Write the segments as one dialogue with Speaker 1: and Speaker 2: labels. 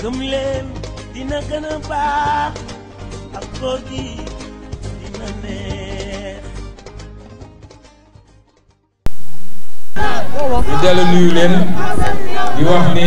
Speaker 1: gëm leen dina gën a baax ak koo gi dina neex ñu dellu nuyu leen di wax ni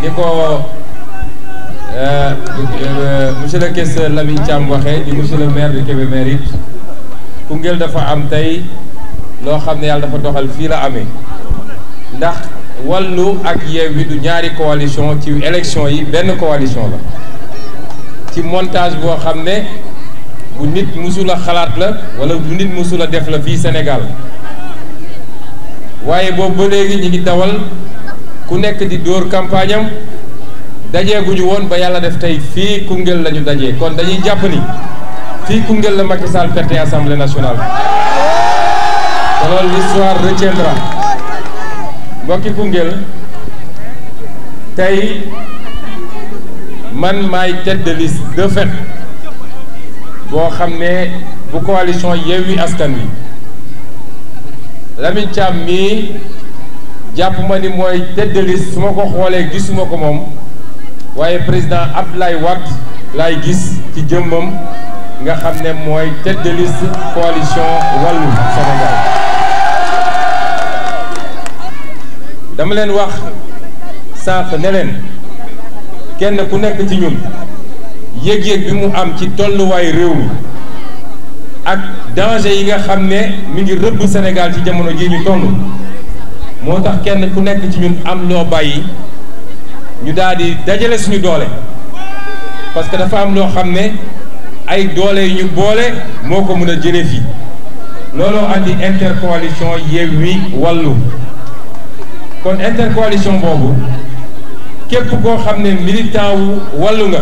Speaker 1: ni ko ya, eh, monsieur le questeur lamin Thiam waxee di monsieur le maire de maire it Koungheul dafa am tey loo xam ne yàlla dafa doxal fii la amee ndax Walou ak Yewi du ñaari coalition ci élection yi ben coalition la ci montage bo xamné bu nit musula xalat la wala bu nit musula def la fi Sénégal waye bo ba légui ñi ngi dawal ku nekk di door campagne am dajé guñu won ba yalla def tay fi Koungheul la ñu dajee kon dañuy japp ni fii Koungheul la Macky Sall perte assemblée nationale te loolu l'histoire retiendra mbokki Koungheul tey man may tête de liste de fait bo xam bu coalition Yewwi Askan Wi Lamine Thiam mii jàpp ma ni moy tête de liste su ma ko xoolee gisuma ko moom waaye président Abdoulaye Wade lay gis ci jëmmam nga xamné moy mooy tête de liste coalition walu Sénégal dama leen wax saaf ne leen kenn ku nekk ci ñun yeg yeg bi mu am ci tolluwaay réew mi ak danger yi nga xam mi ngi reub Sénégal ci jamono ji ñu toll motax kenn ku nekk ci ñun am lo bayyi ñu daal dajale suñu doole parce que dafa am lo xam ay doole ñu boole moko mëna jëlé fi lolo andi intercoalition Yewwi Wallu kon intercoalition boobu képp koo xam ne militant wu wàllu nga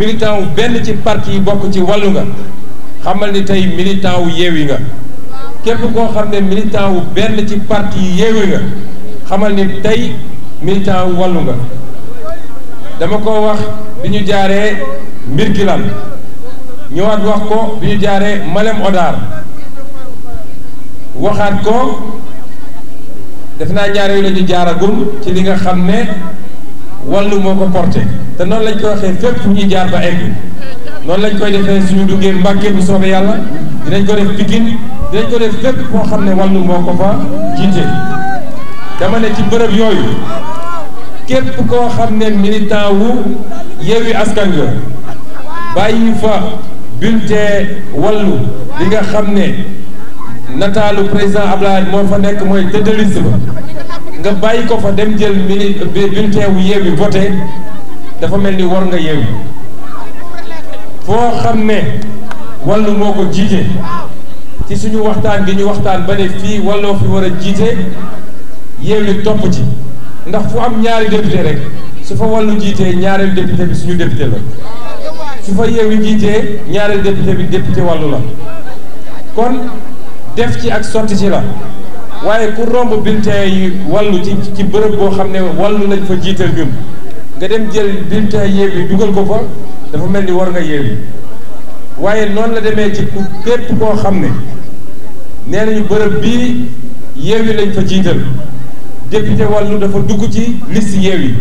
Speaker 1: militant wu benn ci parti yi bokk ci wàllu nga xamal ni tey militant wu yeewi nga képp koo xam ne militant wu benn ci parti yi yeewi nga xamal ni tey militant wu wàllu nga dama ko wax bi ñu jaaree mbir gi lan ñëwaat wax ko bi ñu jaaree Malem Odar waxaat ko def naa ñaar yooyu la ñu jaaragum ci li nga xam ne wàllu moo ko porté te noonu lañ koy waxee fépp fu ñuy jaar ba egg noonu lañ koy defee suñu duggee Mbàkke bu soobee yàlla dinañ ko def Pikin dinañ ko def fépp foo xam ne wàllu moo ko fa jiite. dama ne ci bërëb yooyu képp koo xam ne militant wu Yewwi Askan Wi bàyyi fa bulletin wàllu li xam ne. nataalu président Abdoulaye moo fa nekk mooy tête ba nga bàyyi ko fa dem jël mini bulletin wu Yewwi voté dafa mel ni war nga Yewwi foo xam ne Wallu moo ko jiite ci suñu waxtaan gi ñu waxtaan ba ne fii Walloo fi war a jiite Yewwi topp ci ndax fu am ñaari député rek su fa Wallu jiitee ñaareel député bi suñu député la su fa Yewwi jiitee ñaareel député bi député wàllu la kon def ci ak sotti ci la waaye ku romb bulletin yi wàllu ci ci bërëb boo xam ne wàllu lañ fa jiital gëm nga dem jël bulletin yeew yi dugal ko fa dafa mel ni war nga yeew yi waaye noonu la demee ci ku képp koo xam ne nee nañu bërëb bii yeew yi lañ fa jiital député wàllu dafa dugg ci liste yeew yi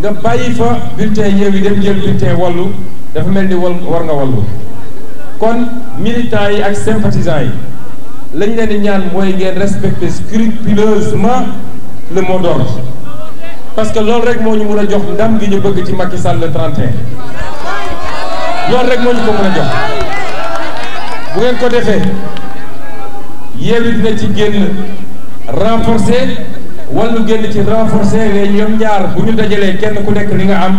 Speaker 1: nga bàyyi fa bulletin yeew yi dem jël bulletin wàllu dafa mel ni war nga wàllu kon militants yi ak sympathisants yi lañ leen di ñaan mooy ngeen respecter scrupuleusement le mot d'ordre parce que loolu rek moo ñu mën a jox ndam gi ñu bëgg ci Macky Sall le 31 loolu rek moo ñu ko mën a jox bu ngeen ko defee Yewwi dina ci génn renforcé wala génn ci renforcé mais ñoom ñaar bu ñu dajalee kenn ku nekk li nga am.